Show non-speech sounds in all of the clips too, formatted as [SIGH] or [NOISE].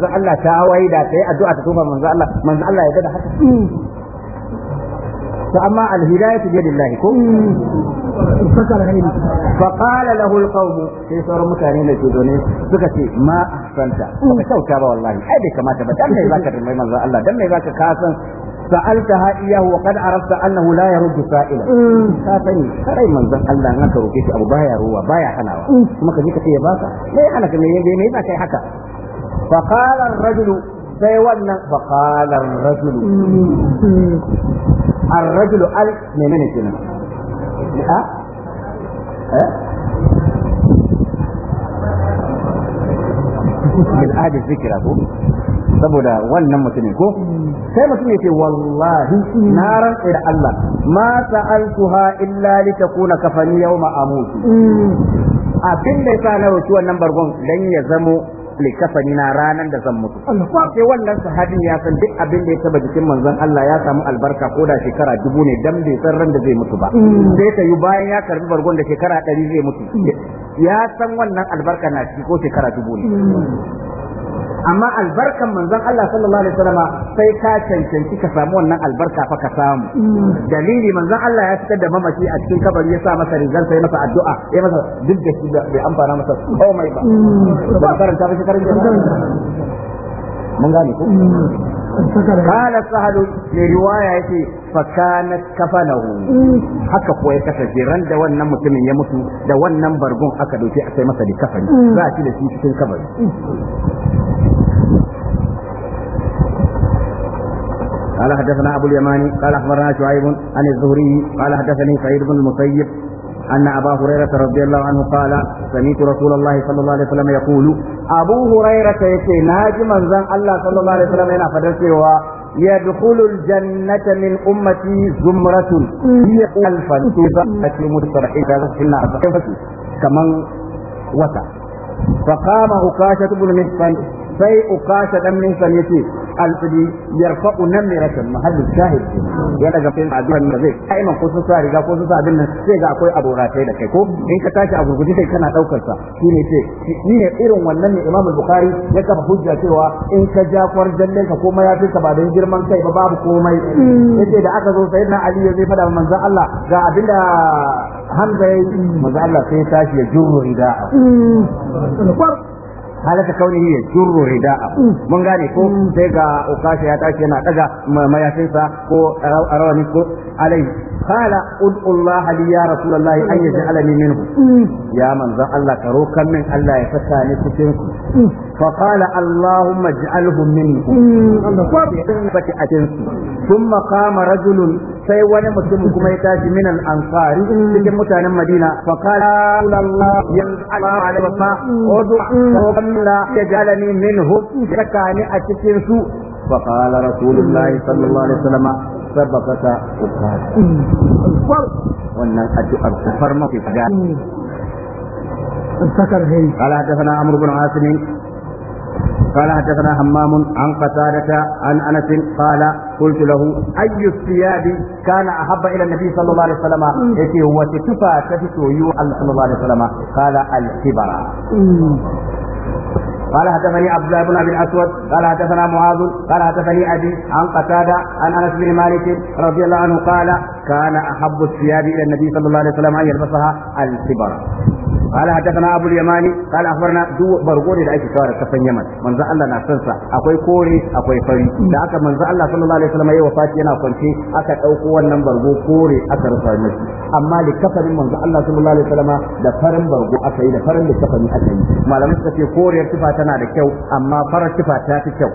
manzo Allah ta hawaye da ta yi addu'a ta tuba manzo Allah manzo Allah ya da haka to amma alhidayatu bi lillahi ko فقال له القوم في صور مكانين الجدوني سكتي ما أحسنت فكتوتا والله أبي كما تبت دم يباك المهم الله دم يباك كاسا سألتها إياه وقد عرفت أنه لا يرد سائلا كاتني كري من ذن الله نكر كيف أبو بايا روا بايا حناوا ثم كذلك في باكا لا يحنك من يبي ميبا كي حكا فقال الرجل sai wannan faƙalar rajulu an rajulu al menene kenan a bil adi zikira ko saboda wannan mutumin ko sai mutum ya ce wallahi na rantsa da Allah ma sa'altuha illa litakuna kafani yawma amutu abin da yasa na roki wannan bargon dan ya zamo kafani na ranan da zan mutu sai wannan sahabin ya san duk abin da ya taba jikin manzon Allah ya samu albarka ko da shekara dubu ne dan bai san ran da zai mutu ba mm. sai ta yi bayan ya karbi bargon da shekara ɗari zai mutu mm. ya san wannan albarka na shi ko shekara dubu ne mm. amma albarkan manzon Allah sallallahu alaihi wasallam sai ka cancanci ka samu wannan albarka fa ka samu dalili manzon Allah ya fitar da mamaki a cikin kabari ya sa masa rizal, sai masa addu'a ya masa duk da shi bai amfana masa komai ba ba karanta ba shi karanta mun gane ko قال سهل لرواية فكانت كفنه haka kuwa ya kasance ran da wannan mutumin ya mutu da wannan bargon aka dauke a sai masa da kafani za a ci da kabari قال حدثنا أبو اليماني قال أخبرنا شعيب عن الزهري قال حدثني سعيد بن المسيب أن أبا هريرة رضي الله عنه قال سمعت رسول الله صلى الله عليه وسلم يقول أبو هريرة يكي ناجي من زن الله صلى الله عليه وسلم هنا فدرسي يدخل الجنة من أمتي زمرة هي ألفا إذا أتي متفرحين كمان وتا فقام أكاشة بن محسن sai ukasha dan minsan yace alfidi yarfa'u namiratan mahallu shahid ya daga fin addu'an da zai kai man ko sa riga ko su sa abin nan sai ga akwai aboratai da kai ko in ka tashi a gurguje kai kana daukar sa shine ce shine irin wannan ne Imam Bukhari ya kafa hujja cewa in ka ja kwarjallen ka koma ya ka ba da girman kai ba babu komai yace da aka zo sayyidina Ali ya zai fada manzon Allah ga abinda Hamza yayi yi manzon Allah sai ya tashi ya jurru rida'a hmm. halaka kaunihi ya jurru ridaa mun gane ko sai ga ukashi ya tashi yana daga mayafin sa ko arawani ko alai qala ud'ullah ya rasulullah an yaj'ala min minhu ya manzo Allah ka rokan min Allah ya fasa ni cikin ku fa qala allahumma ij'alhum minhu mm, Allah ko a cikin su thumma qama rajulun sai wani mutum kuma ya tashi min al-ansari cikin mutanen Madina fa qala Allah ya Allah alaihi wa sallam yaj'alani minhu sakani a cikin su fa qala rasulullahi sallallahu alaihi wasallam sabaqaka ukad wannan addu'ar kufar mafi gani قال حدثنا عمرو بن عاصم قال حدثنا همام عن قتادة عن أنس قال قلت له أي الثياب كان أحب إلى النبي صلى الله عليه وسلم يتي هو تكفى تفتو يو صلى الله عليه وسلم قال الكبرى قال حدثني عبد الله بن ابي الاسود قال حدثنا معاذ قال حدثني ابي عن قتاده عن انس بن مالك رضي الله عنه قال كان احب الثياب الى النبي صلى الله عليه وسلم ان يلبسها الكبر قال حدثنا ابو اليماني قال اخبرنا دو برغوري da ake kawo da kafan Yaman manzo Allah na san sa akwai kore akwai fari da aka manzo Allah sallallahu alaihi wasallam yayi wafati yana kwance aka dauko wannan bargo kore aka rufa miki amma da kafarin manzo Allah sallallahu alaihi wasallam da farin bargo aka yi da farin da kafani aka yi malamai suka ce koriyar tufa tana da kyau amma farar kifa ta fi kyau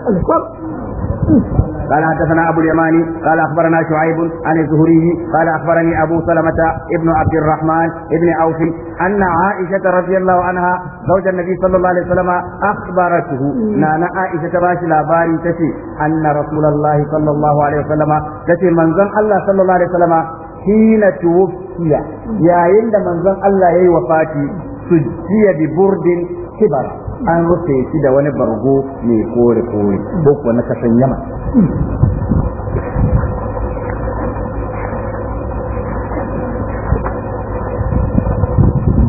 قال حدثنا أبو اليماني قال أخبرنا شعيب عن الزهري قال أخبرني أبو سلمة ابن عبد الرحمن ابن أوف أن عائشة رضي الله عنها زوج النبي صلى الله عليه وسلم أخبرته نانا عائشة باشي لاباري تشي أن رسول الله صلى الله عليه وسلم تشي منزل الله صلى الله عليه وسلم حين توفي يا عند منزل الله يوفاتي سجي ببرد كبر an rufe shi da wani bargo mai kore kore ko kuwa na kasan yama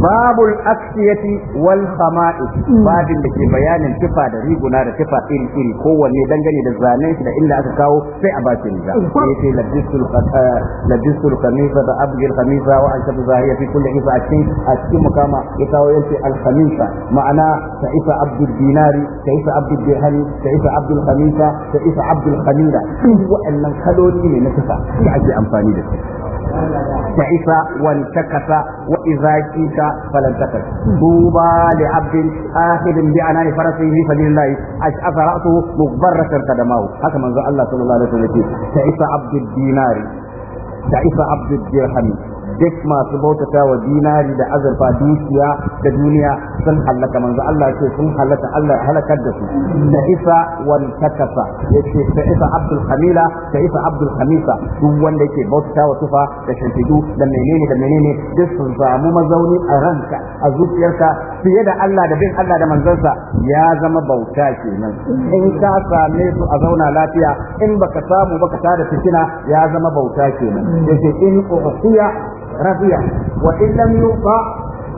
babul aksiyati wal khama'i mm. babin da ke bayanin tufa da riguna da tufa iri iri kowanne dangane da zanen shi da inda aka kawo sai a bakin da mm. yace labisul eh, labisul khamisa da abgil khamisa wa an tabu zahiya fi kulli isa a cikin mukama ya kawo yace al ma'ana ta isa abdul dinari ta abdul dirhami abdul abdul duk wa'annan ne na tufa da ake amfani da su تعس وانتكس وإذا كيت فلن تكس طوبى لعبد آخذ بعناء فرسه في سبيل الله أشعث رأسه مغبرة قدماه هكذا من الله صلى الله عليه وسلم تعس عبد الدينار تعس عبد الدرهم duk masu bautata wa dinari da azurfa dukiya da duniya sun halaka manzo Allah ce sun halaka Allah halakar da su da isa wal takasa yace ta isa abdul khamila ta isa abdul khamisa duk wanda yake bautata wa tufa da shantidu da menene da menene duk sun samu mazauni a ranka a zuciyarka fiye da Allah da bin Allah da manzansa ya zama bauta kenan in ka same su a zauna lafiya in baka samu baka tada fitina ya zama bauta kenan yace in uqiya rabiya wa in lam yuqa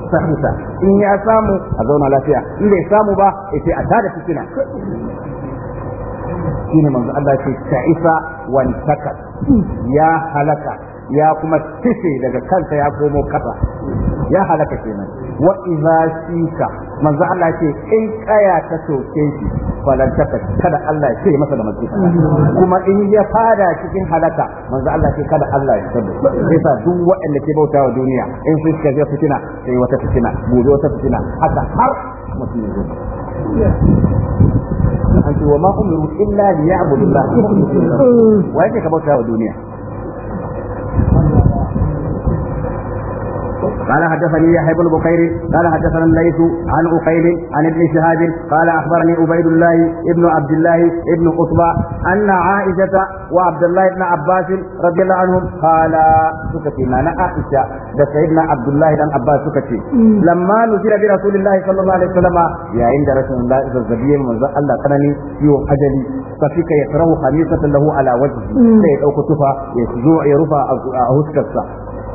sahita in ya samu a zauna lafiya in bai samu ba sai a tada kina. shine manzo Allah ce isa wan ya halaka ya kuma tife daga kansa ya komo kasa ya halaka kenan wa idza shika manzo Allah ce in kaya ta soke shi falan ta kada Allah ya ce masa da masjid kuma in ya fada cikin halaka manzo Allah ce kada Allah ya tabbata sa duk waɗanda ke bauta wa duniya in sun shiga fitina sai wata fitina gobe wata fitina haka har mutum ya zo wa ma umiru illa liya'budu Allah wa yake ka bauta wa duniya قال حدثني يحيى بن بخير قال حدثنا الليث عن عقيل عن ابن شهاب قال اخبرني عبيد الله ابن عبد الله ابن قطبة ان عائشة وعبد الله بن عباس رضي الله عنهم قال سكتي ما عائشة ده سيدنا عبد الله بن عباس سكتي لما نزل برسول الله صلى الله عليه وسلم يا عند رسول الله الزبيه من الله تنني يوم اجلي ففيك يكره خميسة له على وجهه sai ya dauko tufa ya zo ya rufa a huskarsa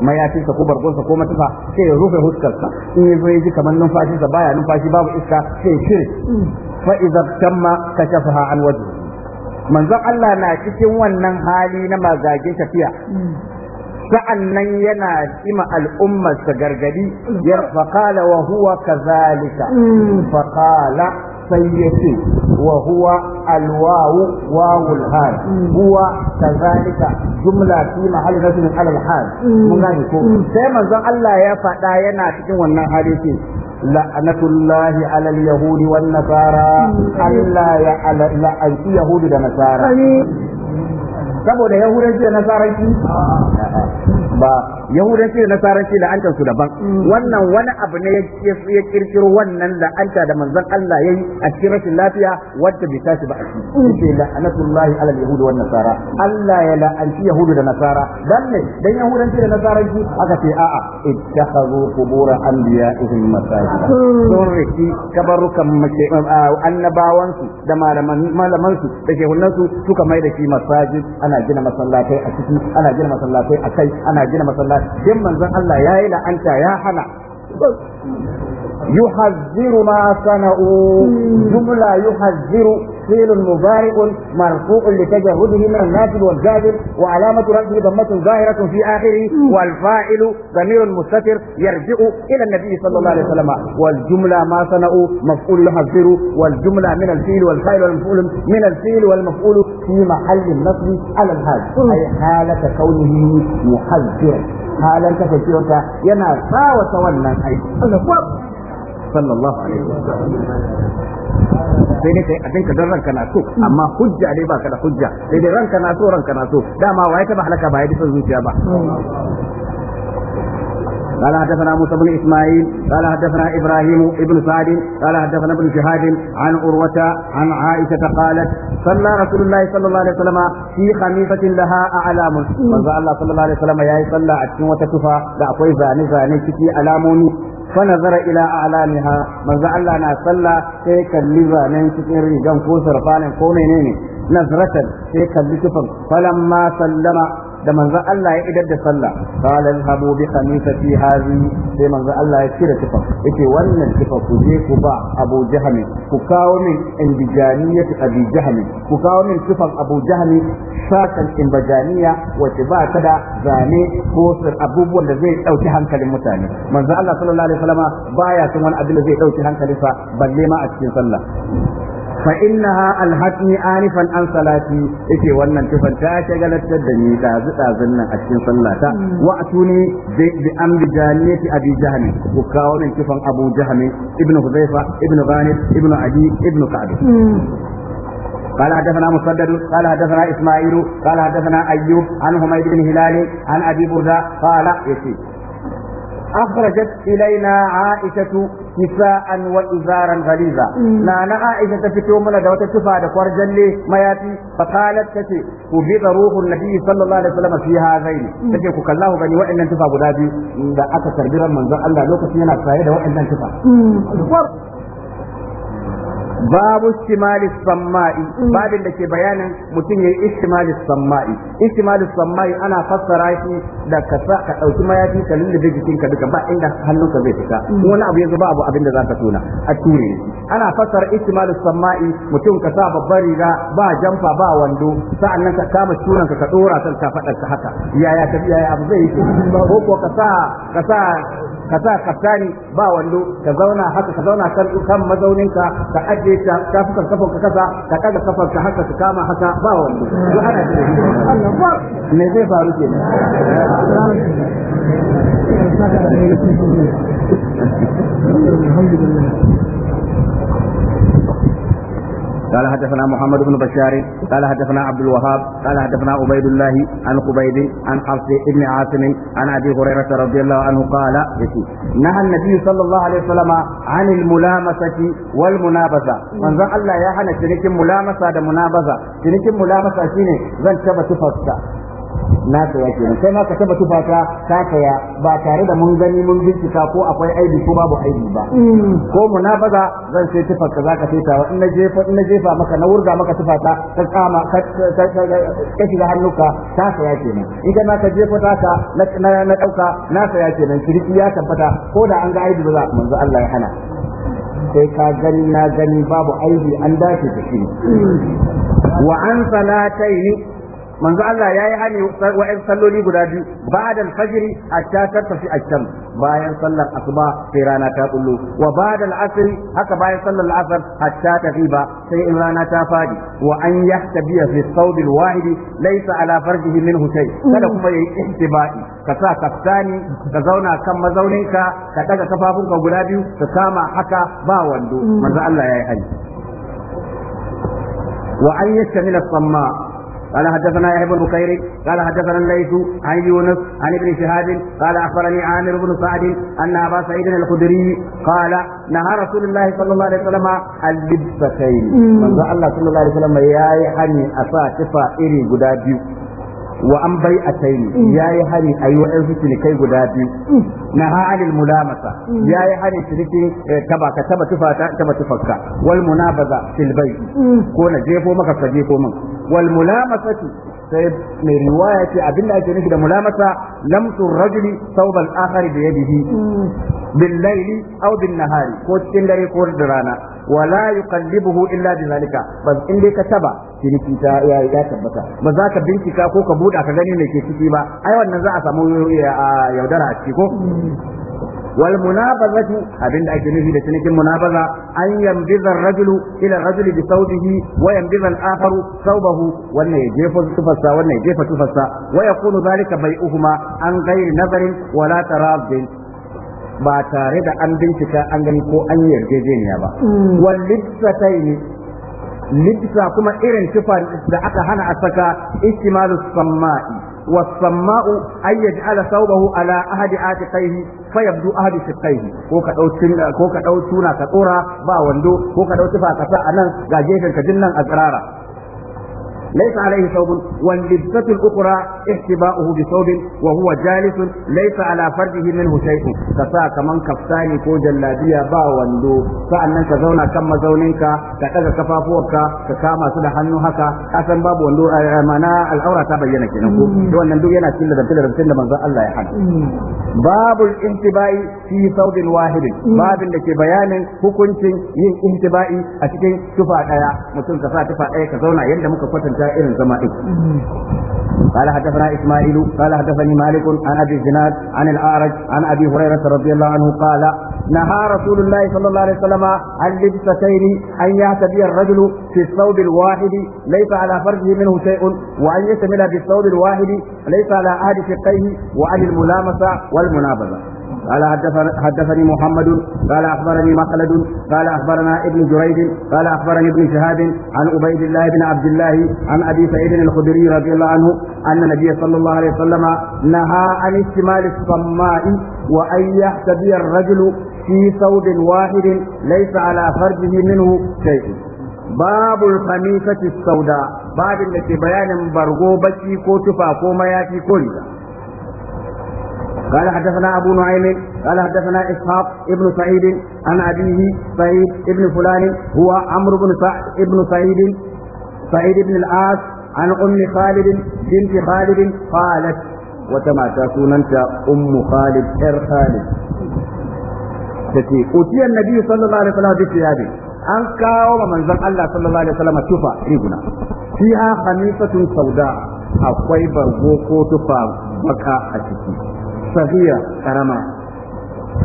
mayafinsa ko bargonsa ko matasa sai ya rufe huskarsa in ya zo ya ji kamar numfashinsa baya numfashi babu iska sai ya cire fa idza tamma kashafaha an wajhi manzon Allah na cikin wannan hali na magagin tafiya sa'annan yana ima al'ummarsa gargadi mm. ya faqala wa huwa kadhalika mm. faqala sai ya ce wa huwa alwawu wawul hal huwa kazalika jumla fi mahalli nasbin alal hal mm. mun gane ko mm. sai manzon Allah ya faɗa yana cikin wannan hali ce la'anatullahi alal yahudi wan nasara mm. Allah ya la'anci yahudi da nasara saboda yahudanci da nasaranci ah. ba yahudanci da nasaranci la'antar su daban mm. wannan wani abu ne ya kirkiro wannan la'anta da manzon Allah yayi a cikin rashin lafiya wacce bai tashi ba a ciki sai mm. la'anatullahi alal wan nasara Allah ya la'anci yahudu da nasara dan ne dan yahudanci da nasaranci aka ce a'a ittakhadhu qubur anbiya'ihim masajid mm. sun riki kabarukan um, annabawansu da malamansu da shehunansu suka mai da shi masajid ana gina masallatai a ciki ana gina masallatai a kai ana gina masallatai din manzon Allah yayi la'anta ya hana يحذر ما صنعوا جملة يحذر فعل مبارك مرفوع لتجهده من الناس والجادل وعلامة رده ضمة ظاهرة في آخره والفاعل ضمير مستتر يرجع إلى النبي صلى الله عليه وسلم والجملة ما صنعوا مفعول يحذر والجملة من الفيل والفاعل والمفعول من الفيل والمفعول في محل النصب على الحال أي حالة كونه محذرا halan ta yana sawata wannan aiki sallallahu alaihi wasallam sai dai kai abinka don ranka na so amma hujja ne ka da hujja sai dai ranka na so ranka na so dama waye ta halaka ba ya bisa zuciya ba قال حدثنا موسى بن اسماعيل قال حدثنا ابراهيم بن سعد قال حدثنا ابن شهاب عن عروه عن عائشه قالت صلى رسول الله صلى الله عليه وسلم في خميسه لها اعلام manzo Allah sallallahu alaihi wasallam yayi a cikin wata tufa da akwai zane zane ciki alamomi fa nazara ila a'lamiha manzo Allah na sallah sai kalli zanen cikin rigan ko sarfanin ko menene nazratan sai kalli tufan falamma sallama da manzon Allah ya idar da sallah qala alhabu bi khamisati hadhihi sai manzon Allah ya cire tufa yace wannan tufa ku je ku ba Abu Jahmi ku kawo min ta Abi Jahmi ku kawo min tufan Abu Jahmi sakan imbajaniya wace ba ta da zane ko abubuwan da zai dauki hankalin mutane manzon Allah sallallahu alaihi wasallama baya son wani abin da zai dauki hankalinsa balle ma a cikin sallah fa innaha alhatni anifan an salati yake wannan tufan ta shagalatar da ni dazu dazun nan a cikin sallata wa atuni bi amri janiyati abi jahl ku kawo min tufan abu jahl ibnu hudhaifa ibnu ghanib ibnu adi ibnu ka'b قال حدثنا مسدد قال حدثنا اسماعيل قال حدثنا ايوب عن حميد بن هلال عن ابي برده قال يسير أخرجت إلينا عائشة نساء وإزارا غليظا نانا عائشة تفتو من دوت تفا دكور جلي مياتي فقالت تتي وبيض روح النبي صلى الله عليه وسلم في هذين تتي كالله بني وإن انتفا بدابي دا أكا تربيرا من ذا الله لوكس ينا فايدة وإن انتفا babu istimali samma'i mm. babin da ke bayanin mutum yayi istimali samma'i istimali samma'i ana fassara shi da ka sa ka dauki mayafi ka lullube jikin ka duka ba inda hannunka zai fita mm. wani abu yanzu ba abu abin da zaka tona a ture ana fassara istimali samma'i mutum ka sa babbar riga ba jamfa ba wando sa'annan ka kama sunan ka ka dora kan ka fadar ka haka yaya abu zai yi mm. ko ko ka sa ka sa ka sa kasani ba wando ka zauna haka ka zauna kan kan mazauninka ka ajiye ta ka fuka kafan ka kasa ka daga kafan ka haka ka kama haka ba wando duk ana da me zai faru ke alhamdulillah قال حدثنا محمد بن بشار قال حدثنا عبد الوهاب قال حدثنا عبيد الله عن قبيد عن حفص بن عاصم عن ابي هريره رضي الله عنه قال نهى النبي صلى الله عليه وسلم عن الملامسه والمنابذه من الله يا hana cinikin mulamasa da munabaza cinikin mulamasa shine zan taba tufarsa na saya kenan sai ma ka taba tufa ta kaya. ba tare da mun gani mun bincika ko akwai aibi ko babu aibi ba ko munafaza zan sai tufa ka zaka sai ta in na jefa in na jefa maka na wurga maka tufa ta, ka kama ka shiga hannuka ta saya kenan idan ka na ka jefa na na dauka na saya kenan shiriki ya tabbata ko da an ga aibi ba manzo Allah ya hana sai ka gani na gani babu aibi an dace da shi wa an salataini manzo Allah ya yi hani wa'in salloli guda biyu ba'da al-fajr hatta tartafi a can. bayan sallar asuba sai rana ta kullu wa ba da asr haka bayan sallar la'asar asr hatta tafiba sai in rana ta fadi wa an yahtabiya fi thawb al-wahid laysa ala farjihi min hutai. kada kuma yayi ihtibai ka sa kaftani ka zauna kan mazauninka ka daga kafafunka guda biyu ka kama haka ba wando manzo Allah ya yi hani wa an yastamila samma قال حدثنا يحيى بن بكير قال حدثنا الليث عن يونس عن ابن شهاب قال اخبرني عامر بن سعد ان ابا سعيد الخدري قال نهى رسول الله صلى الله عليه وسلم عن لبستين من الله صلى الله عليه وسلم يا يعني أفا تفا إري قدا wa an bai a taini ya yi hari a yi waɗansu cinikai guda biyu na halin mulamasa ya yi hari cinikin eh, taba ka taba tufata taba tufarka wal munabaza fil bai ko na jefo maka ka jefo min wal mulamasatu sai mai riwaya ce abinda ake nufi da mulamasa lamsu rajuli saubal akhari da yadihi mm. bil laili aw bin nahari ko cikin dare ko da rana wala yuqallibuhu illa bi zalika bas in dai ka taba ciniki ta ya ya tabbata ba za ka bincika ko ka buɗa ka gani me ke ciki ba ai wannan za a samu yaudara a ciki ko wal munabazatu abinda ake nufi da cinikin munabaza an yambiza ar-rajulu ila ar-rajuli bi sawbihi wa yambiza al-akharu sawbahu wannan ya jefa tufasa wannan ya jefa tufarsa wa yakunu dhalika bai'uhuma an ghairi nazarin wala taradin ba tare da an bincika an gani ko an yarjejeniya ba mm. wal libsataini libsa kuma irin tufan da aka hana a saka istimalu samma'i والسماء ala يجعل ثوبه على أحد عاتقيه فيبدو أحد شقيه ko ka dau ko ka dau tuna ka tsora ba wando ko ka dau tufa ka sa anan ga gefen ka dinnan a tsirara ليس عليه ثوب واللبسة الأخرى احتباؤه بثوب وهو جالس ليس على فرده منه شيء كسا كمان كفتاني كو جلابية با وندو فأنا كزونا كما زونينك كتغى كفافوك ككاما سدى حنو هكا أسن باب وندو منا الأورا تبينك نكو وأن ندو ينا كلا دم كلا دم كلا من الله يحن باب الانتباء في ثوب واحد باب لك بيان hukuncin yin intiba'i a cikin tufa daya mutum ka sa tufa daya ka zauna yadda muka kwatanta هذا إذن قال حدثنا إسماعيل قال حدثني مالك عن أبي الزناد عن الأعرج عن أبي هريرة رضي الله عنه قال نهى رسول الله صلى الله عليه وسلم عن لبستين أن يعتدي الرجل في الثوب الواحد ليس على فرجه منه شيء وأن يشتمل بالثوب الواحد ليس على أحد شقيه وعن الملامسة والمنابذة قال حدثني محمد قال أخبرني مخلد قال أخبرنا ابن جريج قال أخبرني ابن شهاب عن عبيد الله بن عبد الله عن أبي سعيد الخدري رضي الله عنه أن النبي صلى الله عليه وسلم نهى عن استمال الصماء وأن يحتدي الرجل في ثوب واحد ليس على فرجه منه شيء باب الخميسة السوداء باب التي بيان برغوبتي كو تفا كو مياتي كلها قال حدثنا أبو نعيم قال حدثنا إسحاق ابن سعيد عن أبيه سعيد ابن فلان هو عمرو بن سعد ابن سعيد سعيد بن العاص عن أم خالد بنت خالد قالت وتما تكوننت أم خالد إر خالد تتي أتي النبي صلى الله عليه وسلم بثيابه أن كاوم من زم الله صلى الله عليه وسلم تفا ريبنا فيها خميسة سوداء أقوي برغو كوتفا بكا أتكي safiya karama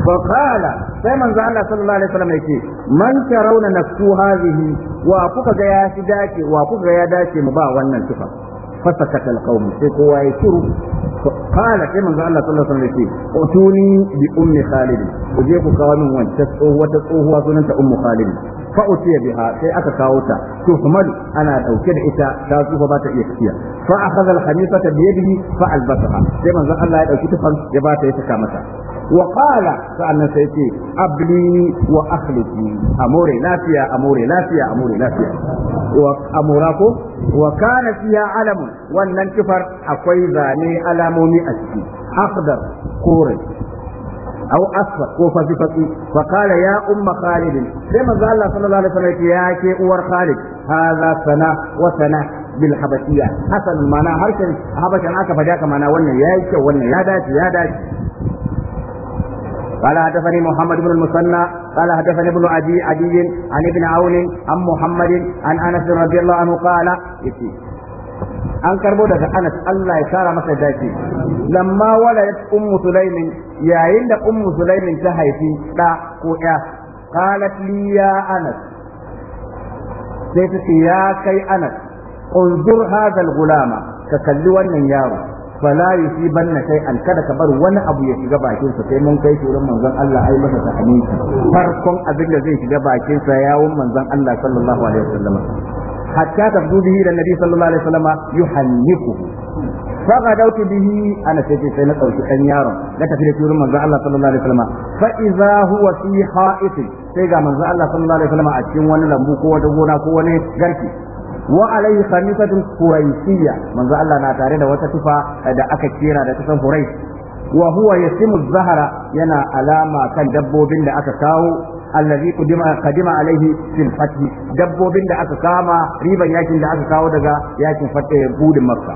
faqala sai manzo Allah sallallahu alaihi wasallam yake man tarawna nafsu hadhihi wa kuka ga ya fi dace wa kuka ga ya dace mu ba wannan tufa فسكت القوم سيكو ويشروا قال كما قال الله صلى الله عليه وسلم اتوني بأم خالد وجيك قوام وانتسوه وتسوه وسننت أم خالد فأتي بها سي أكا كاوتا تهمل أنا أوكد إتا تاسوه بات إيكتيا فأخذ الخميسة بيده فألبسها كما قال الله يدعو كتفا يبات يتكامتا wa qala sa'annan sai ce abli wa akhlifni amore lafiya amore lafiya amore lafiya wa amura ko wa kana fiha alamu wannan kifar akwai zane alamomi a ciki akhdar kore أو أصفر وفي فتي فقال يا أم خالد لما قال الله صلى الله عليه وسلم يا كي أور خالد هذا سنة وسنة بالحبشية حسن معنى هرشن حبشا عكا فجاك معنى ون يا إيش ون يا داش يا داش قال حدثني محمد بن المثنى قال حدثني ابن عدي عدي عن ابن عون عن محمد عن انس رضي الله عنه قال an karbo daga Anas Allah ya kara masa dace lamma waladat ummu sulaimin yayin da ummu sulaimin ta haifi da ko ya qalat li ya Anas sai ta ce ya kai Anas unzur hadha al ka kalli wannan yaro fala yusibanna kai an kada ka bar wani abu ya shiga bakin sai mun kai turin manzon Allah ai masa takami farkon abin da zai shiga bakinsa sa yawun manzon Allah sallallahu alaihi wasallam hatta tabdu bihi da nabi sallallahu alaihi wasallam yuhannikuhu فغدوت به انا na سينا قوتي كان يارو لا تفيد في رمى الله صلى الله عليه وسلم فاذا هو في حائط sai ga manzo Allah sallallahu alaihi wasallam a cikin wani lambu ko wata gona ko wani garki wa alaihi khamisatun quraisiyya manzo Allah na tare da wata tufa da aka kera da tufa quraish wa huwa yasimu zahara yana alama kan dabbobin da aka kawo allazi qadima qadima alaihi fil fath dabbobin da aka kama riban yakin da aka kawo daga yakin fathi eh, gudun makka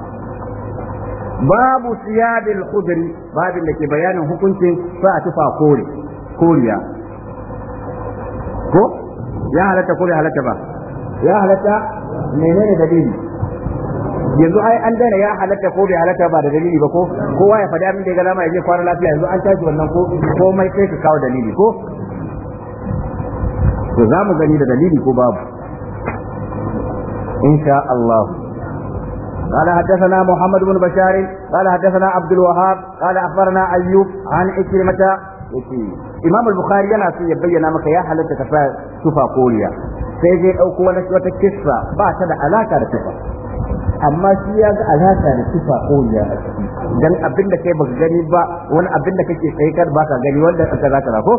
babu siyabil khudri babin da ke bayanin hukuncin sa tufa kore koriya ko ya halatta kore halatta ba ya halatta menene dalili yanzu ai an dana ya halatta ko bai halatta ba da dalili ba ko kowa ya faɗi abin da ya ga lama ya je kwana lafiya yanzu an tashi wannan ko komai sai ka kawo dalili ko to za mu gani da dalili ko babu insha Allah قال حدثنا محمد بن بشار قال حدثنا عبد الوهاب قال اخبرنا ايوب عن عكرمه imam al-bukhari yana so ya bayyana maka ya halatta ka tufa koriya sai zai dauko wata kissa ba ta da alaka da tufa amma shi ya ga alaka da tufa koriya a ciki dan abin da kai baka gani ba wani abin da kake sai kar baka gani wanda aka zaka ko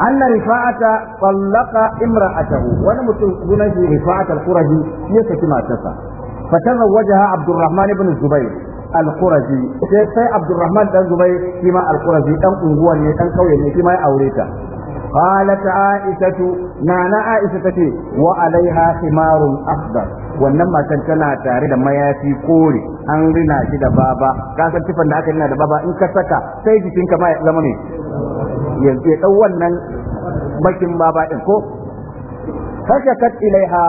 أن رفاعة طلق امرأته وأنا متوقع رفاعة القرهي يكتم تسا فتزوجها عبد الرحمن بن الزبير al-qurazi sai sai abdurrahman dan zubair shi ma al dan unguwar ne dan kauye ne shi ma ya aure ta na na aisha tace wa alaiha حمار afdal wannan matan tana tare da mayafi kore an rina shi da baba ka san tifan da aka rina da baba in ka saka sai jikinka ma ya zama ne ya dau wannan bakin baba din ko fashakat ilaiha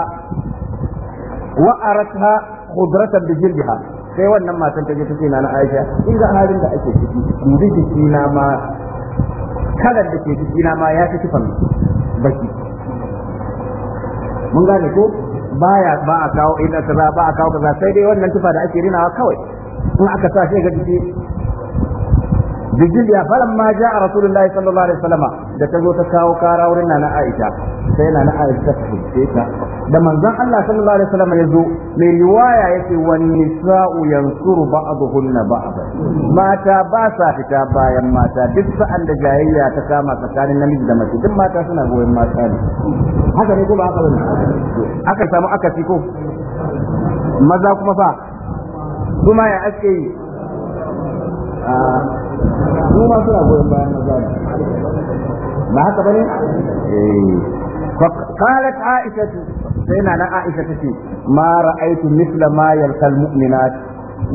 wa aratha khudratan bi jildiha sai wannan matan ta je ta na Aisha in ga halin da ake ciki dubi jiki na ma kalar da ke ciki na ma ya ta kifan baki mun gane ko baya ba a kawo ina kaza ba a kawo kaza sai dai wannan tufa da ake rinawa kawai in aka sa shi ga jiki bijiliya falan ma ja a rasulullahi sallallahu alaihi wasallama da ta zo ta kawo kara wurin nana aisha sai nana aisha ta fice ta da manzon Allah sallallahu alaihi wasallama ya zo mai riwaya yace wan nisa'u yansuru ba'dhunna ba'dha mata ba sa fita bayan mata duk sa'an da jahiliya ta kama tsakanin namiji da mace duk mata suna goyon mata ne haka ne ko ba haka bane aka samu akasi ko maza kuma fa kuma ya ake yi su ma suna goyon bayan maza ne ba haka bane قالت عائشة سيدنا عائشة تشي ما رأيت مثل ما يلقى المؤمنات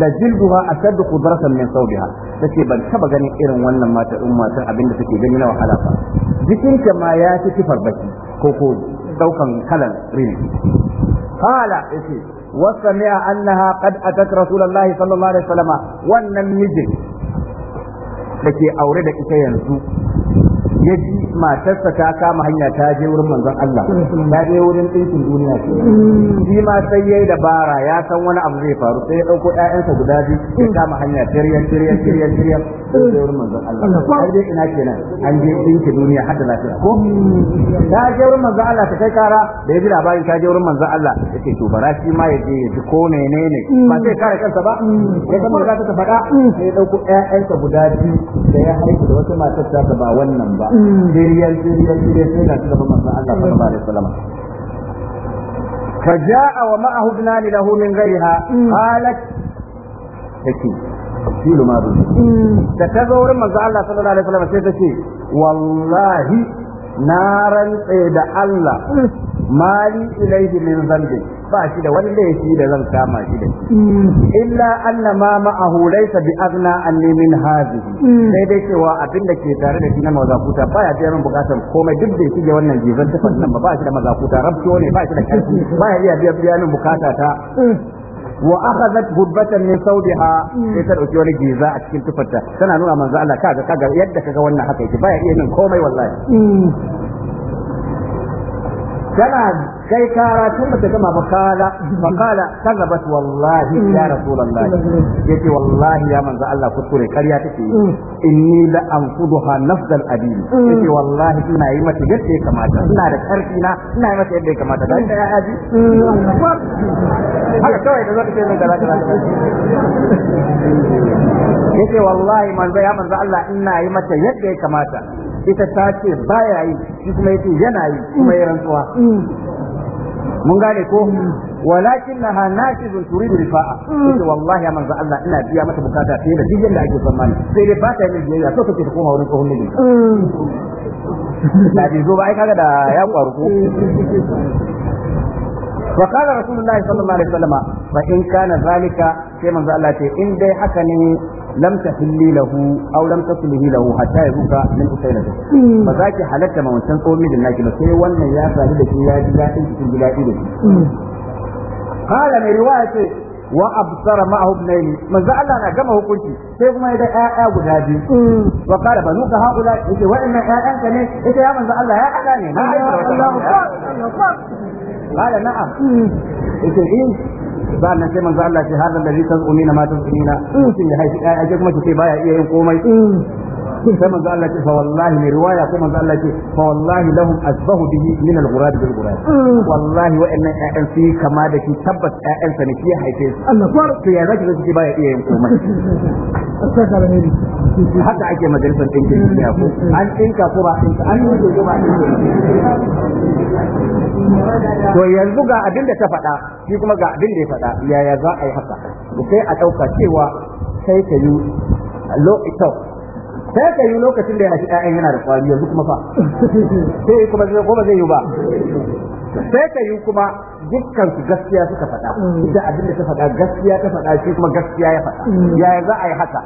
da jilduha ashaddu qudratan min sawbiha tace ban taba ganin irin wannan mata in matar abinda take gani na wahala ba jikinta ma ya ci kifar baki ko ko daukan kalan rini qala yace wa sami'a annaha qad atat rasulullahi wannan mijin da ke aure da ita yanzu ya ji matarsa ta kama hanya ta je wurin manzon Allah ya je wurin ɗinkin duniya ce hmm. shi ma sai yayi dabara ya san wani abu zai faru sai ya ɗauko ƴaƴansa guda biyu ya kama hanya tiryan tiryan tiryan tiryan sai wurin manzon Allah har dai ina kenan an je dinki duniya hadda lafiya ko ta je wurin manzon Allah ta kai kara da ya ji labarin ta je wurin manzon Allah yace to bara shi ma ya je ya ji ko menene mm. ba zai kare kansa ba mm. ya zama da ta faɗa mm. sai ya dauko ƴaƴansa guda biyu da ya haihu da wata matar ta ba wannan ba diriyal diriyal diriyal sai ga su gaban manzon Allah sallallahu alaihi wasallam فجاء ومعه ابنان له من غيرها قالت تكي filu ma mm. da ta zo wurin manzo Allah sallallahu alaihi wasallam sai ta ce wallahi na rantse da Allah mm. mali ilaihi min zambi ba shi da wani laifi da zan kama shi da mm. illa anna ma ma'ahu laysa bi aghna anni min hadhihi sai dai cewa abin da ke tare da shi na mazakuta ya biya min bukatan komai duk da yake wannan jizan ta fannin ba ba shi da mazakuta rabto ne ba shi da karfi baya iya biya min bukata ta wa akhadhat gubbatan min sawdiha sai ta dauki wani giza a cikin tufarta tana nuna manzo Allah kaga kaga yadda kaga wannan haka yake baya iya yin komai wallahi hmm. tana kai kara tun ba ta gama ba kala ba kala kazzabat wallahi ya rasulullahi wallahi ya manzo Allah kuskure ƙarya take yi inni la anfuduha nafdal adil yace wallahi ina yi mata yadda ya kamata ina da karfi na ina yi mata yadda ya kamata aji haka da wallahi manzo ya manzo Allah ina yi mata yadda ya kamata ita ta ce baya yi shi kuma yana yi kuma yi rantsuwa mun gane ko walakin laha nasibun turidu rifa'a ita wallahi ya manzo Allah ina biya mata bukata sai da dijin da ake tsammani sai dai ba ta yi biyayya so take ta koma wurin tsohon na bi zo ba ai kaga da ya kwaru ko وقال رسول الله صلى الله عليه وسلم فإن كان ذلك كما قال الله إن دي حكني lam tahilli lahu aw lam taslihi lahu hatta yazuka min usailati ba za ki halatta ma wancan tsohon mijin naki ba sai wannan ya faru da shi ya ji daɗin cikin gida ido qala mai riwaya ce wa absara ma'ahu ibnaini manzo Allah na gama hukunci sai kuma ya da ƴaƴa guda biyu mm. wa qala banu ka haula yace ƴaƴanka ne yace ya manzo Allah ya na nan sai manzo Allah ya ce hadal zai tazunina ma tazunina in sun ya haifi ai kuma ki ce baya iya yin komai mm. sun sai manzo Allah ce fa wallahi ne riwaya ko manzo Allah ce fa wallahi lahum asbahu bihi min al-ghurab bil ghurab mm. wallahi wa inna ya'an fi kama da shi tabbas ya'an sa ne shi haife su Allah ko to ya zaki zaki ya iya yin komai haka ake majalisar ɗinkin duniya ko an ɗinka ko ba ɗinka an yi ko ba to yanzu ga abin da ta faɗa shi kuma ga abin da ya faɗa yaya za a yi haka sai a ɗauka cewa sai ka yi lo'itau sai ka yi lokacin da ya shi ƴaƴan yana da kwari yanzu kuma fa sai kuma zai kuma zai yi ba sai ka yi kuma dukkan su gaskiya suka faɗa da abin da ta faɗa gaskiya ta faɗa shi kuma gaskiya ya faɗa yaya za a yi haka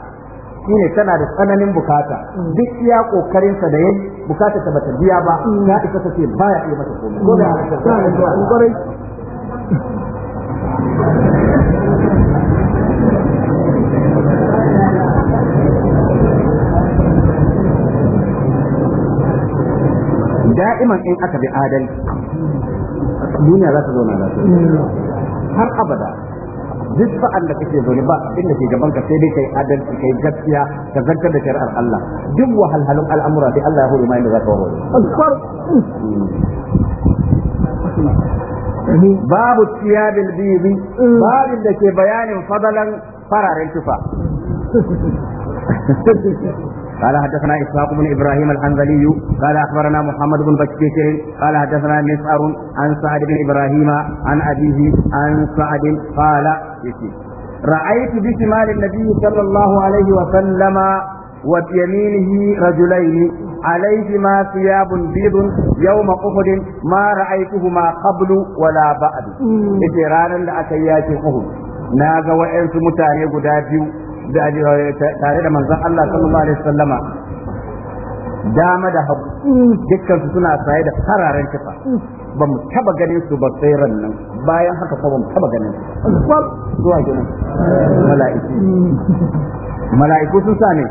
shine tana da tsananin bukata duk iya kokarin sa da yin bukata ta bata biya ba na isa ta ce baya iya mata komai ko da da'iman in aka bi adalci duniya za ta zauna lafiya har abada duk sa'an da kake zaune ba abin da ke gaban ka sai dai kai adalci kai gaskiya ka zartar da shari'ar Allah duk wahalhalun al'amura sai Allah ya hore ma inda za ka warware babu tiyabil bibi mm. babin da ke bayanin fadalan fararen tufa [LAUGHS] قال حدثنا إسحاق بن إبراهيم الحنظلي قال أخبرنا محمد بن بشير قال حدثنا مسعر عن سعد بن إبراهيم عن أبيه عن سعد قال رأيت بشمال النبي صلى الله عليه وسلم وبيمينه رجلين عليهما ثياب بيض يوم أحد ما رأيتهما قبل ولا بعد إذا رانا لأكيات أحد na ga wa'yansu mutane guda biyu Eh, tare da manzon Allah sallallahu alaihi wasallama dama da hagu dukkan su suna saye da fararen kifa ba mu taba ganin su ba sai nan bayan haka ko ba mu taba ganin su zuwa ginin mala'iki mala'iku sun sa ne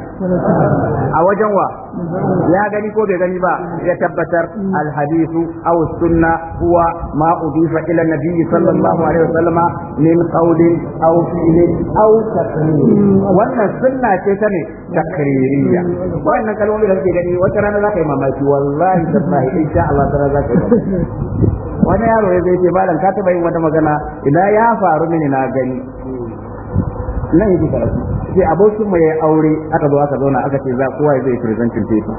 a wajen wa ya gani ko bai gani ba ya tabbatar alhadisu aw sunna huwa ma udifa ila nabiyyi sallallahu alaihi wasallam min qawlin aw fi'lin aw taqririn wannan sunna ce ta ne takririya wannan kalmomi da kake gani wata rana za ka yi mamaki wallahi tallahi insha Allah tara za ka yi wani yaro ya zai ce malam ka taba yin wata magana ina ya faru mini na gani nan yake karatu sai abokin mu ya aure aka zo aka zauna aka ce za kowa zai presenting paper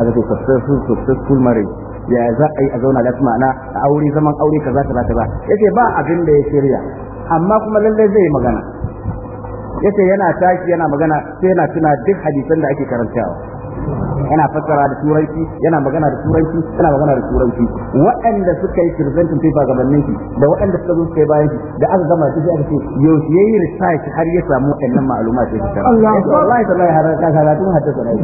aka ce successful successful marriage ya za a yi a zauna lafiya ma'ana a aure zaman aure kaza kaza kaza yace ba abin da ya shirya amma kuma lallai zai magana yace yana tashi yana magana sai yana tuna duk hadisan da ake karantawa yana fassara da turanci yana magana da turanci yana magana da turanci waɗanda suka yi kirzentin sai ba gabanin shi da waɗanda suka zo suka bayan shi da aka gama shi aka ce yau shi yayi research har ya samu waɗannan ma'luma sai shi wallahi tallahi har ka karatu hatta sanai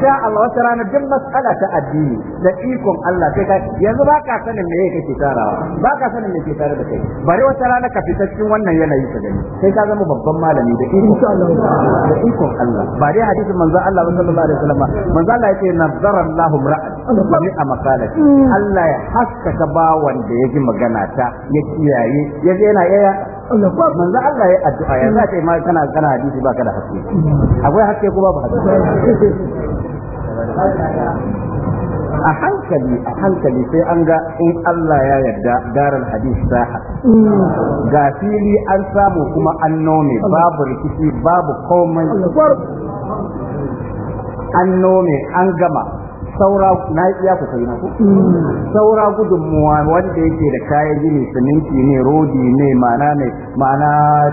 sha Allah wata rana duk matsala ta addini da ikon Allah sai kai yanzu ba ka sanin me yake tarawa ba ka sanin me ke tare da kai bari wata rana ka fita cikin wannan yanayi ka gani sai ka zama babban malami da ikon Allah da ikon Allah ba dai hadisin manzo Allah sallallahu alaihi wasallam manzo Allah yake nazara Allah ra'an sami a makalati hmm. Allah ya haskaka bawan da ya ji magana ta ya kiyaye ya yana yaya manzo Allah ya addu'a ya za ta yi ma kana kana hadisi ba kana haske akwai haske ko babu haske a hankali a hankali sai an ga in Allah ya yarda darar hadis saha ga fili an samu kuma an nome babu rikici babu komai an nome an gama saura na iya ku kai na ku saura gudunmuwa wanda yake da kayan gini siminti ne rodi ne mana ne mana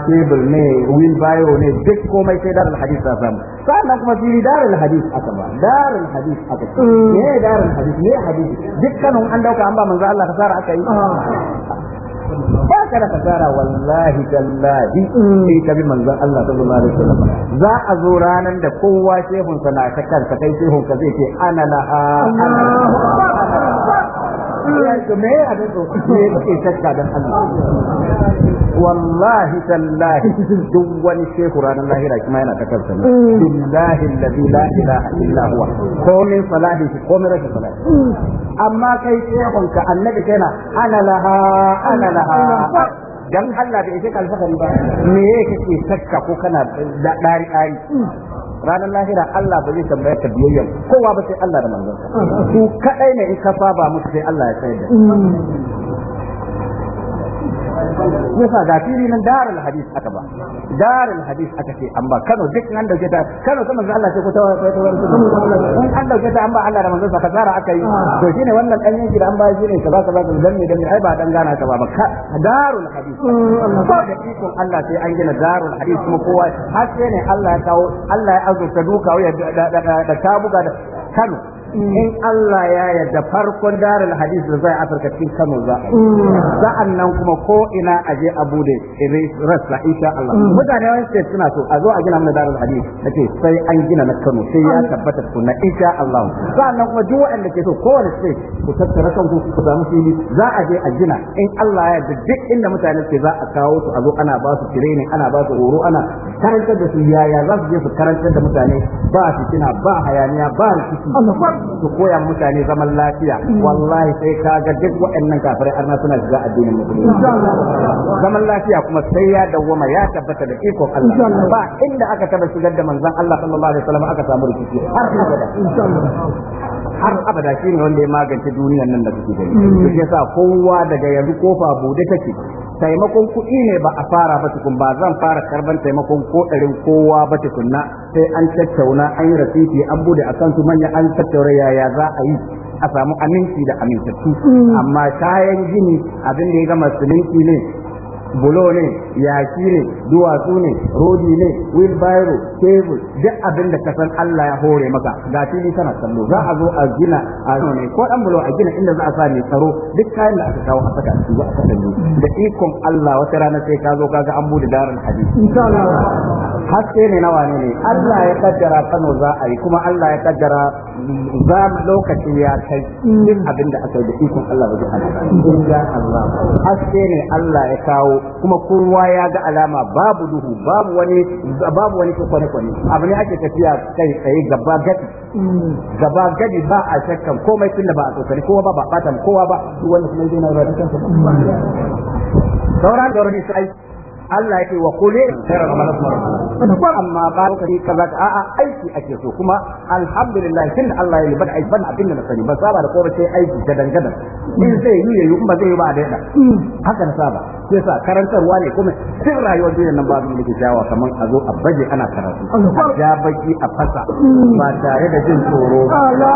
tebur ne wheelbarrow ne duk komai sai darul hadis a samu sannan kuma fili darul hadis aka ba darul hadis aka ce ne mm. darul hadis ne hadis dukkanin an dauka an ba manzo Allah sara aka yi ba ka da kasara wallahi tallahi in ni ka bi manzon Allah sallallahu alaihi wasallam za a zo ranan da kowa shehun sa na ta kai shehun ka zai ce ana laha to me ya abin tsoro me kake shakka dan Allah wallahi tallahi duk wani shehu ranar lahira kuma yana ta kansa ne mm. billahi alladhi la ilaha illa huwa ko min salahi ko min rashin salahi amma kai shehun ka annabi kaina ana laha ana laha dan Allah bai ce kalfa ba me kake shakka ko kana dari dari ranar lahira Allah ba zai tambaya ka biyayyan kowa ba sai Allah da manzon su kadai ne in ka saba musu sai Allah ya da. yasa da fili nan darul hadis aka ba darul hadis aka ce an ba Kano duk nan ta Kano kuma Allah ce ko ta in an dauke ta an ba Allah da manzon sa kasara aka yi to shine wannan dan yanki da an ba shine kaza kaza da dan ne dan ai ba dan gana ka ba ba darul hadis ko da ikon Allah sai an gina darul hadis kuma kowa har sai ne Allah ya kawo Allah ya azurta duka da ta buga da Kano Mm. in Allah ya yarda farkon darul hadis da zai Afirka cikin Kano za a yi mm. sa'an nan kuma ko ina a je Abu da rasa insha Allah mm. mutane wani state suna so a zo a gina mana darul hadis nake sai an gina na Kano sai ya tabbata kunna insha Allah sa'an nan kuma duk wanda ke so ko kowane state ku tattara kanku ku samu fili za a je a gina in Allah ya yarda duk inda mutane ke za a kawo su a zo ana ba su training ana ba su horo ana karantar da su yaya za su je su karantar da mutane ba fitina ba hayaniya ba rikici su koya mutane zaman lafiya wallahi sai ka ga duk kafare har arna suna shiga addinin musulmi zaman lafiya kuma sai ya dawwama ya tabbata da ikon Allah ba inda aka taba shigar da manzon Allah sallallahu alaihi wasallam aka samu rikici har abada har abada shine wanda ya magance duniyar nan da kuke gani hmm. yasa kowa daga yanzu kofa bude take taimakon kuɗi ne ba a fara ba tukun ba zan fara karban taimakon ko ɗarin kowa ba na sai an tattauna an yi rasiti an bude a kan su manya an tattaura yaya za a yi a samu aminci da amintattu mm. amma kayan gini abin da ya gama siminti ne bulo ne yaki ne duwatsu ne rodi ne wheelbarrow table duk abin da kasan Allah ya hore maka ga fili kana sallo za a zo a gina a ne ko dan bulo a gina inda za a sa ne tsaro duk kayan da aka kawo a saka su za a ne da ikon Allah wata rana sai ka zo kaga an bude darin hadisi insha Allah haske ne nawa ne ne Allah ya kaddara Kano za a yi kuma Allah ya kaddara za lokaci ya kai duk abin da aka yi da ikon Allah ba zai hana insha Allah haske ne Allah ya kawo kuma kowa ya ga alama babu duhu babu wani babu wani ko kwane kwane abu ne ake tafiya kai tsaye gaba gadi gaba gadi ba a shakkan komai tunda ba a tsokari kowa ba ba batan kowa ba duk wanda kuma zai na rarrakan kansa sauran da wani sai Allah ya ce wa kule khairan kuma. amma ba kai kaza ka a aiki ake so kuma alhamdulillah kin Allah ya libada ai ban abin da sani ba saba da ko sai aiki da dangana in zai yi yayi in ba zai yi ba da haka na saba sai sa karantarwa ne kuma sir rayuwar duniyar nan babu yake jawa kamar a zo a baje ana karatu ya baki a fasa ba tare da jin tsoro ba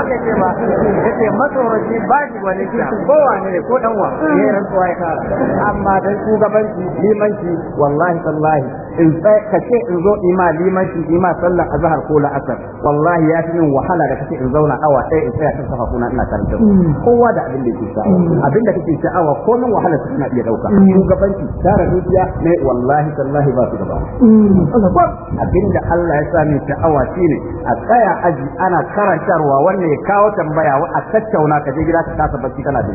aka ce ba yace matsoraci ba shi wani kira ko wane ne ko dan wa ya rantsuwa ya kara amma dan shugabanci limanci wallahi sallahi. in ka ce in zo ima limanci ima sallar azhar ko la'asar wallahi ya fi min wahala da kace in zauna awa ɗaya in tsaya kan safa kuna ina karanta mm. kowa da abin da ke sha'awa mm. abin da kake sha'awa ko nan wahala su suna iya dauka mm. shugabanci tara dukiya ne wallahi tallahi ba su gaba abin da Allah ya sa min sha'awa shine a tsaya aji ana karantarwa wannan ya kawo tambaya a tattauna ka je gida ka kasa bacci kana da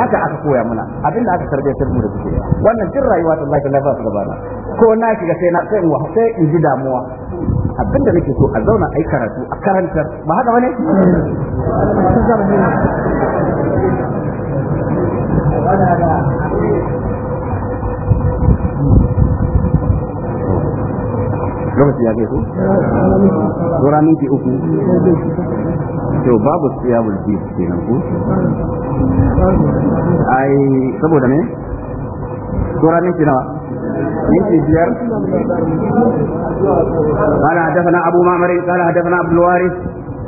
haka aka koya mana abin da aka tarbiyyar mu da kuke wannan duk rayuwa tallahi ba su gabana ko na shiga sai na sai wa sai in ji damuwa abin da nake so a zauna a yi karatu a karantar ba haka bane lokaci ya gaisu? Zora minti uku. To babu siya siyabul ke nan ku? Ai saboda ne? Zora minti nawa? minti biyar قال حدثنا أبو معمر قال حدثنا عبد الوارث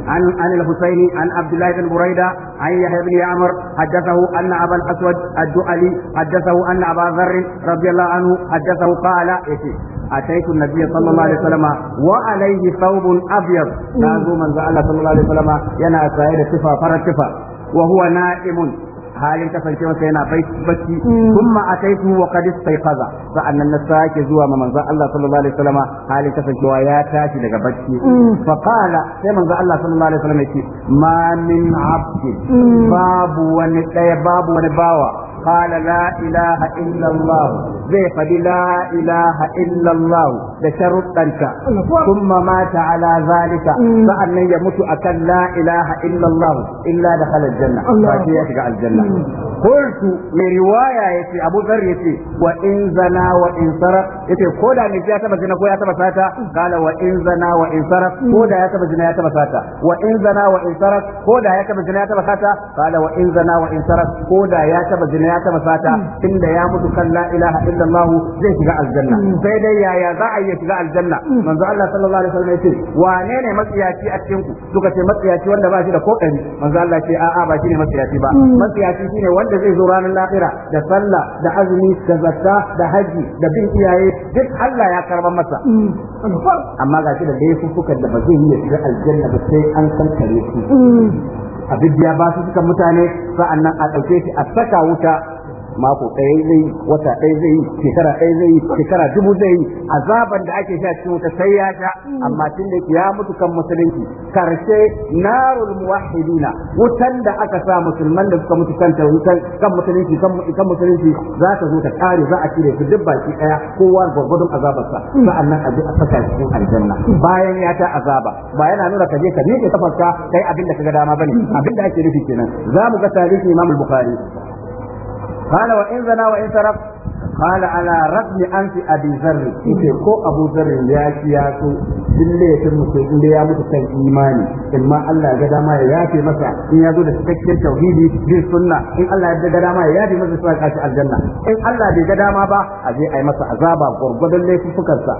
عن عن الحسين عن عبد الله بن بريدة عن يحيى بن عمر حدثه أن أبا الأسود الدؤلي حدثه أن أبا ذر رضي الله عنه حدثه قال أتيت النبي صلى الله عليه وسلم وعليه ثوب أبيض نازو من الله صلى الله عليه وسلم ينا سائر صفة فرد صفة وهو نائم halin masa yana bacci mm. a ataitu wa qad istayqaza sa'annan na sake zuwa ma manzon Allah sallallahu alaihi wasallam halin kasancewa ya tashi daga bacci mm. fa qala sai manzon Allah sallallahu alaihi wasallam yace ma min abdin mm. babu wani daya babu wani bawa قال لا إله إلا الله زي فدي لا إله إلا الله لشرط أنت ثم مات على ذلك فأن يموت أكل لا إله إلا الله إلا دخل الجنة فأشي يشجع الجنة قلت من رواية يتي أبو ذر يتي وإن زنا وإن سرق يتي كودا نجي أتبا زنا كودا أتبا ساتا قال وإن زنا وإن سرق كودا يتبا زنا يتبا ساتا وإن زنا وإن سرق كودا يتبا زنا يتبا ساتا قال وإن زنا وإن سرق كودا يتبا زنا ya taba sata tunda ya mutu kan la ilaha illallah zai shiga aljanna sai dai yaya za a iya shiga aljanna manzo Allah sallallahu alaihi wasallam ce, wane ne matsiyaci a cikin ku suka ce matsiyaci wanda ba shi da kokari manzo Allah ce a'a ba shi ne matsiyaci ba matsiyaci shine wanda zai zo ranar lahira da sallah da azumi da zakka da haji da bin iyaye duk Allah ya karba masa amma ga shi da laifukan da ba zai iya shiga aljanna ba sai an san kare su a bibiya ba su suka mutane sa'annan a ɗauke shi a saka wuta mako ɗaya zai wata ɗaya zai shekara ɗaya zai shekara dubu zai azaban da ake sha cikin wuta sai ya sha amma tun da ya mutu kan musulunci karshe narul muwahhidina wutan da aka sa musulman da suka mutu kan wutan kan musulunci kan musulunci za ta zo ta kare za a cire su duk baki ɗaya kowa gwargwadon azabarsa sa'annan a je a saka cikin aljanna bayan ya ta azaba ba yana nuna ka je ka miƙe kafarka kai abin da ka ga dama bane abin da ake nufi kenan za mu ga tarihi Imam Bukhari قال وإن زنا وإن سرق قال على رقم أنف أبي ذر يقول كو أبو ذر يا شياسو dille ya tun mutum inda ya mutu kan imani in ma Allah ga dama ya yafe masa in ya zo da cikakken tauhidi bin sunna in Allah ya ga dama ya yafe masa sai kashi aljanna in Allah bai ga dama ba a je a yi masa azaba gurgurdan laifufukansa,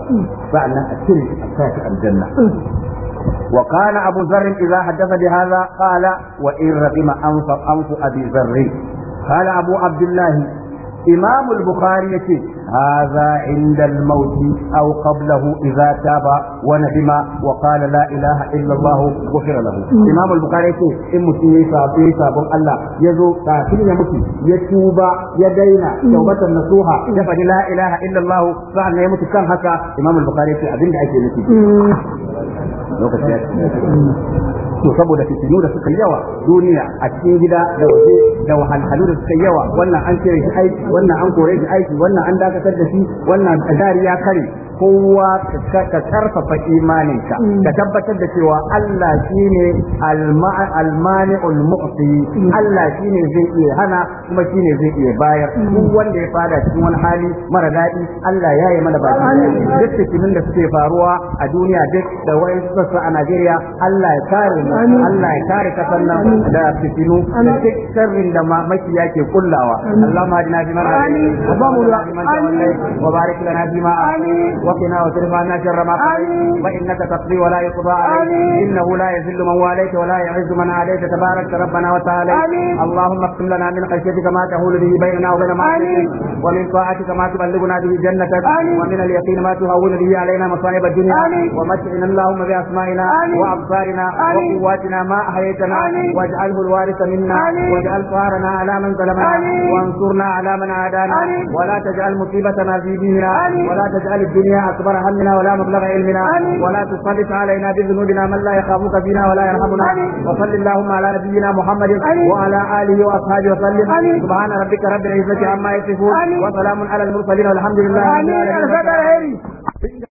sa'annan a cire a aljanna وقال أبو ذر إذا حدث بهذا قال وإن رقم أنف أنف أبي ذر قال أبو عبد الله إمام البخاري هذا عند الموت أو قبله إذا تاب وندم وقال لا إله إلا الله غفر له إمام البخاري يقول إن مسيح صافي صاب الله يزو كافر يموت يتوب يدينا توبة النصوحة يفعل لا إله إلا الله فعل يموت كان هكا إمام البخاري يقول أبن أجل lokaci ya to saboda fitilu da suka yawa duniya a cikin gida da waje da wahalhalu da suka yawa wannan an cire shi aiki wannan an kore shi aiki wannan an dakatar da shi wannan dari ya kare kowa ka karfafa imaninka mm. ka tabbatar da cewa Allah shine almani'ul mu'ti mm. Allah shine zai iya hana kuma shine zai iya bayar mm. duk wanda ya fada cikin wani hali mara daɗi Allah ya yi mana baki duk cikin da suke faruwa a duniya duk da wai sassa a Najeriya Allah ya kare mu Allah ya kare kasan nan da fitinu da duk sharrin da makiya ke kullawa Allahumma hadina fi man wa barik lana fi ma وقنا واصرف عنا شر ما قضيت وانك تقضي ولا يقضى عليك انه لا يذل من واليت ولا يعز من عليك تبارك ربنا وتعالى اللهم اقسم لنا من خشيتك ما تهول به بيننا وبين معصيتك ومن طاعتك ما تبلغنا به جنتك ومن اليقين ما تهون به علينا مصائب الدنيا ومتعنا اللهم باسمائنا وابصارنا وقواتنا ما احييتنا واجعله الوارث منا واجعل صارنا على من ظلمنا وانصرنا على من عادانا ولا تجعل مصيبتنا في ديننا ولا تجعل الدنيا ربنا أكبر همنا ولا مبلغ علمنا ولا تسلط علينا بذنوبنا من لا يخافك فينا ولا يرحمنا وصل اللهم على نبينا محمد وعلى آله وأصحابه وسلم سبحان ربك رب العزة عما يصفون وسلام على المرسلين والحمد لله